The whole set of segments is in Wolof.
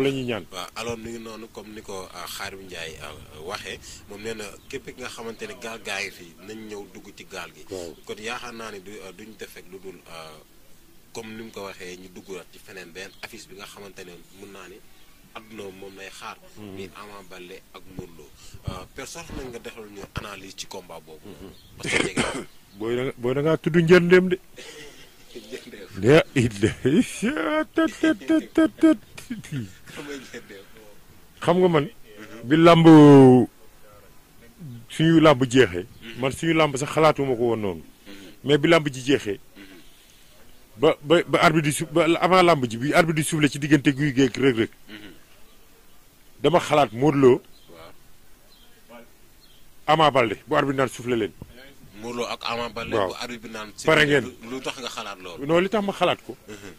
loolu la ñuy ñaan. waaw alors ni noonu comme ni ko Xaarim euh, Ndiaye euh, waxee moom nee na képp ki nga xamante ne gaal gaa ngi fii nañ ñëw dugg ci gaal gi. kon yaakaar naa ne du euh, duñ def lu dul comme ni mu ko waxee ñu dugg duggaat ci feneen benn affiche bi nga xamante ne mun naa ne adduna moom lay xaar. ni hmm. Ama Baldé ak Modou Lo. personne nañ nga defal ñu analyse ci combat boobu. Hmm. parce que jege booy booy da tudd njëndeem de. xam nga man bi làmb suñu làmb jeexee man suñu làmb sax xalaatuma ko woon noonu mais bi làmb ji jeexee ba ba ba arbitre di su ba avant làmb ji bi arbitre di suufle ci diggante guy géeg rëg-rëg dama xalaat Modou Lo Ama Balde bu arbitre naan suufle leen Modou Lo ak Ama Balde bu ngeen lu tax nga xalaat loolu non li tax ma xalaat ko mhm.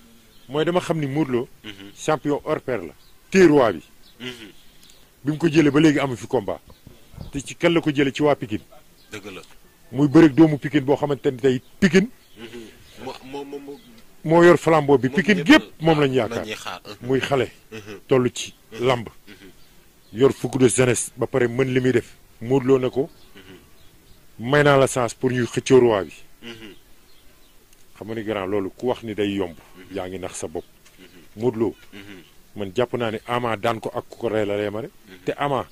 mooy dama xam ni Modou Lo mhm. champion hors la téerwaa bi mhm. bi mu ko jëlee ba léegi amu fi te ci kan la ko jëlee ci waa Pikine. dëgg la muy bëreeg doomu Pikine boo xamante ni tey pikin moo mm-hmm. moo moo yor flambeau bi Pikine gépp moom lañu yaakaar mm-hmm. muy xale. Mm-hmm. toll ci lamb. yor fukk de jeunesse ba pare mën li muy def móodloo ne ko may naa la chance pour ñuy xëccoo roi bi xam nga ni grand loolu ku wax ni day yomb yaa ngi nax sa bopp móodloo man jàpp naa ne Ama daan ko ak ko rey la lay mare te Ama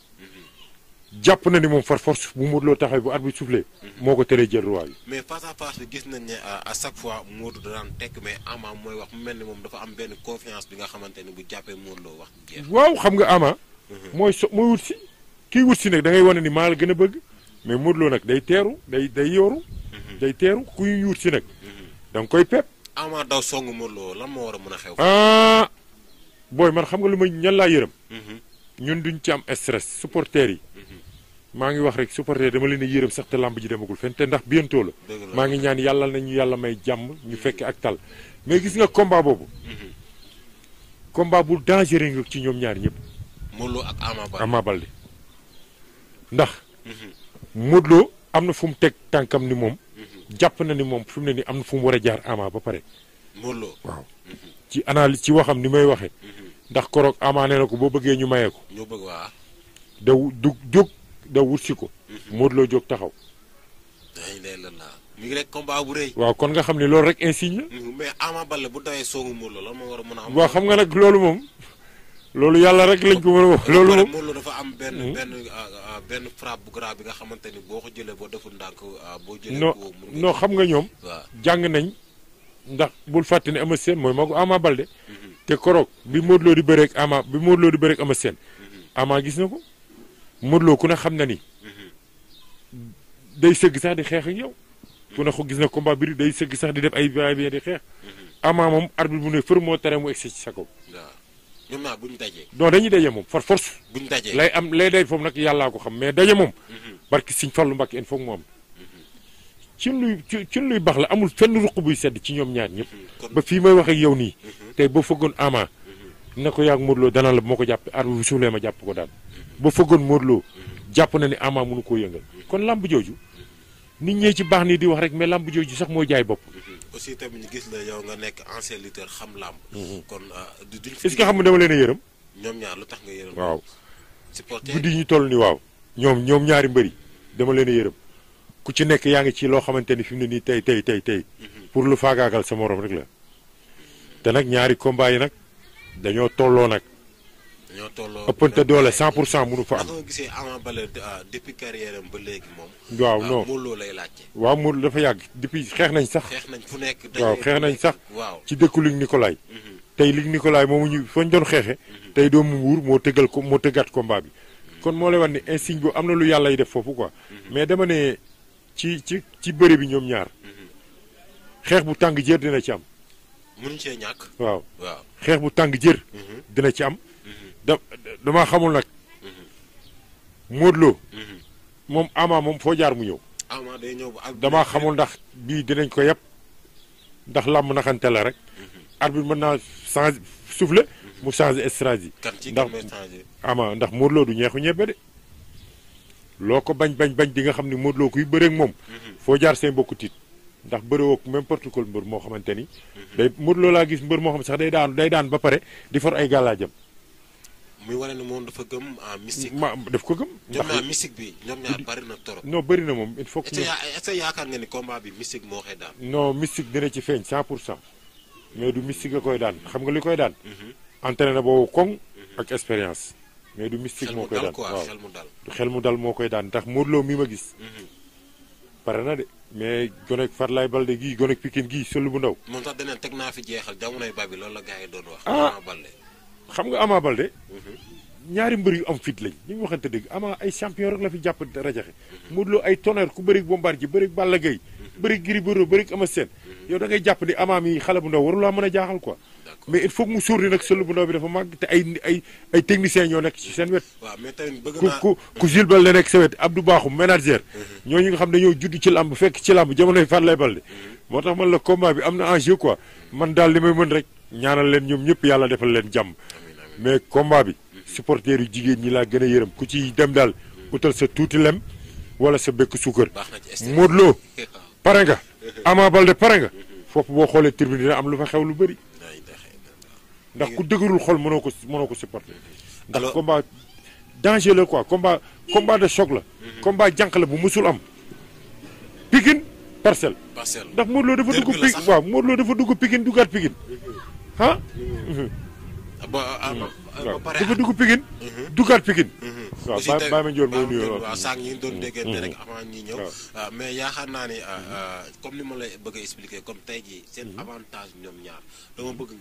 jàpp na ni moom far force bu Modou Lo taxawee bu at bi soufflé. moo ko teree jël roi mais face à face gis nañ ne à fois Modou da daan tekk mais mooy wax mu mel ni moom dafa am benn confiance bi nga xamante ne bu jàppee Modou Lo wax. waaw xam nga Ama. Mhm. mooy so mooy wut si. kii wut si nag da ngay wane ni maa la gën a bëgg. mais Modou nag day teeru day day yooru. Mhm. day teeru ku ñu si nag. Mhm. da koy pep. Ama daw song Modou Lo lan moo war a mën a xew. Ah, booy man xam nga lu ma ñan laa yërëm. Mhm. ñun duñ ci am stress supporters yi. Mhm. maa ngi wax rek supporter dama leen a yërëm sax te làmb ji demagul fenn te ndax bientôt la. maa ngi ñaan yàlla ñu yàlla may jàmm ñu mhm. fekkee ak tal mais gis nga combat boobu. combat bu dangereux nga ci ñoom ñaar ñëpp. Modou ak Ama Baldé Ama Baldé ndax. Modou am na fu mu teg tànkam ni moom. jàpp na ni moom fi ne nii am na fu mu war a jaar Ama ba pare. Lo waaw. ci analyse ci waxam ni may waxee. Mhm. ndax koroog amaane na ko boo bëggee ñu maye ko. ñoo bëgg waaw. da du jóg da wut si ko. Mhm. Modou Lo jóg taxaw. mi ngi rek combat bu rëy. waaw kon nga xam ni loolu rek insigne la. Mhm, mais Ama bu tawee soogu Modou Lo moo war a mën a am. waaw xam nga nag loolu moom. loolu yàlla rek lañ ko mën a wax. loolu moom Modou Lo dafa am benn benn ah, ah, benn frappe bu grave bi nga xamante ni boo ko jëlee boo deful ndànk ah, boo. jëlee non xam nga ñoom. jàng nañ. ndax bul fàtte ne Eumeu Sène mooy magu Ama Baldé te koroog bi Modou Lo di bëreeg Ama bi Modou Lo di bëreeg Eumeu Sène Ama gis na ko Modou ku ne xam na ni day sëgg sax di xeex ak yow ku ne ko gis na combat bi day sëgg sax di def ay bi di xeex Ama moom arbitre bu ne fër moo tere mu egsi ci sa kaw. ñoom naa bu ñu dajee. non dañuy daje moom far force. bu ñu dajee lay am lay day foofu nag yàllaa ko xam mais daje moom. Mhm. barki Sëñ Fallu Mbàkke il faut mu am. ci luy ci luy baax la amul fenn ruq buy sedd ci ñoom ñaar ñëpp. ba fii may wax ak yow nii. tey boo fëggoon Ama. ne ko yaag Modou Lo danaa la moo ko jàpp arbi bu suulee ma jàpp ko daal. boo fëggoon Modou Lo jàpp na ni Ama mënu koo yëngal. kon làmb jooju nit ñee ci baax nii di wax rek mais làmb jooju sax mooy jaay bopp. aussi tamit ñu gis la yow nga nekk ancien lutteur xam làmb. Mhm. kon euh, duñ est-ce que xam nga dama leen a yërëm. ñoom ñaar lu tax nga yërëm. waaw supporter guddi ñu toll ni waaw ñoom ñoom ñaari mbëri dama leen a yërëm ku ci nekk yaa ngi ci loo xamante ni fi mu ne nii tey tey tey tey mm-hmm. pour lu faagaagal sa morom rek la te nag ñaari combat yi nag dañoo tolloo nag. dañoo tolloo ëppante doole 100 pour cent mënu fa am. nga gisee Ama Baldé euh, depuis carrière am ba léegi moom. waaw euh, non Modou lay laajte. waaw Modou dafa yàgg depuis xeex nañ sax. nañ fu nekk waaw xeex nañ sax. waaw ci dëkku Luc Nicolaï. Mm-hmm. tey Luc Nicolaï moomu ñu fañ doon xeexe. Mm-hmm. tey doomu Mbuur moo tëggal ko moo tëggaat combat bi. kon moo lay wax ni insigne bu am na lu yàlla yi def foofu ko mais dama ne ci ci ci bëri bi ñoom ñaar. Mhm. xeex bu tàng jër dina ci am. mënuñ cee ñàkk. waaw bu tàng jër. Mhm. ci am. Mhm. da damaa xamul nag. Modou moom Ama moom foo jaar mu ñëw. Ama day ñëw ba damaa xamul ndax bii dinañ ko yëpp ndax làmb naxante la rek. arbitre mën naa changer souffle mu changer stratégie. ndax Ama ndax Modou du ñeexu ñebe de. loo ko bañ bañ bañ di nga xam ni Modou Lo kuy bëreeg moom. Mm-hmm. foo jaar seen bokku tiit ndax bëreewoog n'importe quel mbër moo xamante ni. Mm-hmm. day Modou laa gis mbër moo xam sax day daan day daan ba pare di ay gàllaajam. muy wane ne moom dafa gëm en mystique. ma daf ko gëm. ndax ñoom ñaar bi ñoom ñaar bari na trop. non bari na moom il faut que. est-ce que yaakaar nga ni combat moo koy daan. non mystique dina ci feeñ 100 pour cent mais du mystique a koy daan xam nga li koy daan. Mm-hmm. entraîné boobu koŋ ak expérience. mais du mystique moo koy daan waaw xel mu dal moo koy daan ndax Modou mi ma gis. Mhm. pare na de mais gonek Fatlaye Balde gii gonek Pikine gii sëlu bu ndaw. moom tax danañ teg naa fi jeexal jamonoy Babi loolu la gars yi doon wax. Ah! Balde xam nga Ama Balde. Mhm. ñaari mbër yu am fit lañ ñu ngi waxante dëgg Ama ay champion rek la fi jàpp rajaxe. Mhm. Modou Lo ay tonnerre ku bëri Bombardier ji bëri Balla Gaye. bëri Gris Bordeaux bëri Ama Sène yow da ngay jàpp ni amaam yi xale bu ndaw waru laa mën a jaaxal quoi. mais il faut que mu sóor ni nag sël bu ndaw bi dafa màgg te ay ay ñoo nekk ci seen wet. waaw mais tamit bëgg naa ku ku ku Jules Baldé nekk sa wet Abdou Bakhoum manager. Mhm. ñooñu nga xam ne dañoo judd ci làmb fekk ci làmb jamonoy fan lay balde. Mhm. moo tax man la combat bi am na enjeu quoi mhm. man daal li may mën rek ñaanal leen ñoom ñëpp yàlla defal leen jàmm. mais combat bi. supporters yu jigéen ñi laa gën a yërëm ku ci dem daal utal sa tuuti lem wala sa bekk suukar. baax na ci Modou Lo pare nga Ama Baldé pare nga foofu boo xoolee tribune dina am lu fa xew lu bëri ndax ku dëgërul xol mënoo ko mënoo ko supporter ndax combat danger la quoi combat combat de choc la mhm. combat jànq la bu mësul am Pikine parcelle ndax Modou Lo dafa dugg Pikine waaw Modou Lo dafa dugg Pikine duggaat Pikine ah, ah hmm. waaw dafa dugg Pikine. Mhm. duggaat Pikine. Mhm. waaw Baye Baye Mandione moo nuyoo waaw sànq yi doon mhm. déggante rek avant ñi ñëw. Ah, mais yaakaar naa ne ah, ah, comme li ma lay bëgg a expliquer comme tey jii seen avantage ñoom ñaar dama bëgg.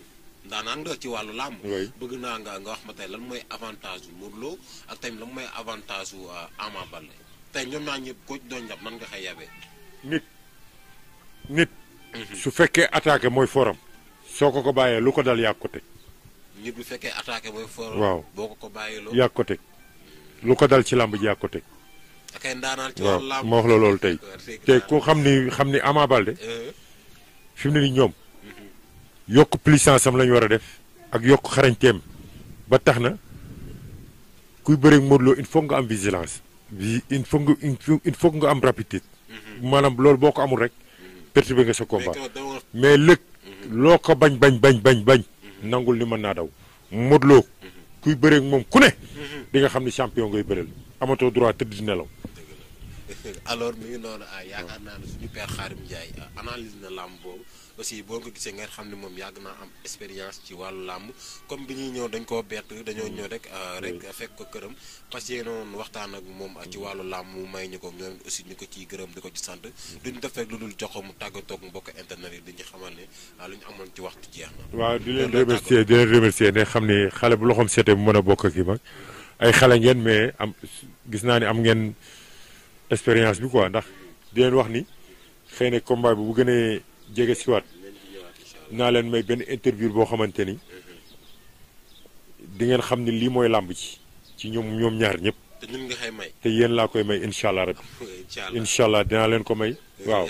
daanaan nga ci wàllu làmb bëgg naa nga nga wax ma tey lan mooy avantage wu Modou Lo ak tamit mooy avantage wu Ama Baldé tey ñoom naa ñëpp ko doon jàpp nan nga xëy yabee nit nit su fekkee attaqué mooy forum soo ko ko bàyyee lu ko dal yàq ko tëj nit bu fekkee attaqué waaw boo ko ko bàyyiloo. yaa ko teg lu ko dal ci làmb ji yaa ko teg. akay ma wax la loolu tey. te ku xam ni xam ni Ama Baldé. Eh. fi mu ne nii ñoom. Mhm. yokk puissance am la war a def. ak yokk xarañteem ba tax na kuy bëreeg Modou Lo il faut nga am vigilance. bi il nga il faut nga am rapidité. Mhm. maanaam loolu boo ko amul rek. Mhm. perturbé nga sa combat mais lëg loo ko bañ bañ bañ bañ bañ. nangul ni mën naa daw Modou kuy bëreek moom ku ne mhm. di nga xam ne champion ngay bëreel amatoo droit tëdd di nelaw alors mi ngi noonu ah yaakaar naa ne suñu père Xaarim Ndiaye ah, analyse na làmb boobu aussi boo ko gisee ngeen xam ne moom yàgg naa am expérience ci wàllu làmb comme bi ñuy ñëw dañ koo bett dañoo ñëw rek ah, rek fekk ko këram parce que waxtaan ak moom ah, ci wàllu làmb mu may ñu ko ñoom aussi ñu ko ciy gërëm di ko ci sant duñ def rek lu dul jox ko mu tàggatoog mbokk internet yi dañuy xamal ne lu ñu amoon ci waxtu jeex na. waaw di leen remercier di leen remercier ne xam ne xale bu loxoom seetee a bokk ak yi mag ay am gis naa ne am ngeen expérience bi quoi ndax di leen wax ni xëy na combat bi bu gënee jege siwaat naa leen may benn interview boo xamante ni di ngeen xam ni lii mooy làmb ci ci ñoom ñoom ñaar ñëpp. te ñun may. te yéen laa koy may incha allah rabbi. incha allah dinaa leen ko may. waaw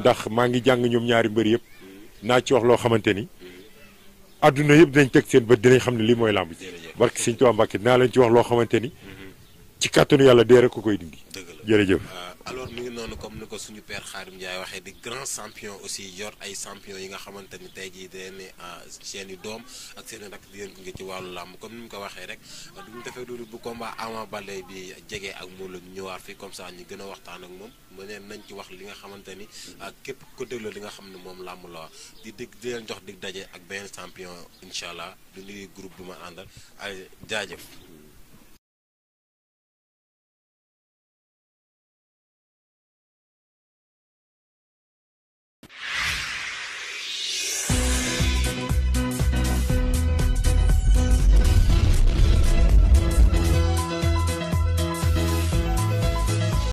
ndax maa ngi jàng ñoom ñaari mbër yëpp. Mm-hmm. naa ci wax loo xamante ni. adduna yëpp dinañ teg seen bët dinañ xam ne lii mooy làmb ci. barke Sëñ Tuubaa Mbàkke dinaa leen ci wax loo xamante ni. Mm-hmm. ci kàttanu yàlla dee rek ku koy dindi. dëgg la jërëjëf. Ah, alors mi ngi noonu comme ni ko suñu père Khadim Ndiaye waxee di grand champion aussi yor ay champion yi nga xamante ni tey jii day ne ah, seen i doom ak seen i rakk di ci wàllu làmb comme ni mu ko waxee rek ah, ñu defee loolu bu combat Ama Baldé bi jege ak moom la fii comme ça ñu gën a waxtaan ak moom mu ne nañ ci wax li nga xamante ni képp ko déglu li nga xam ne moom làmb di dig di jox dig daje ak benn champion incha allah di nuyu groupe bi ma àndal ay jaajëf.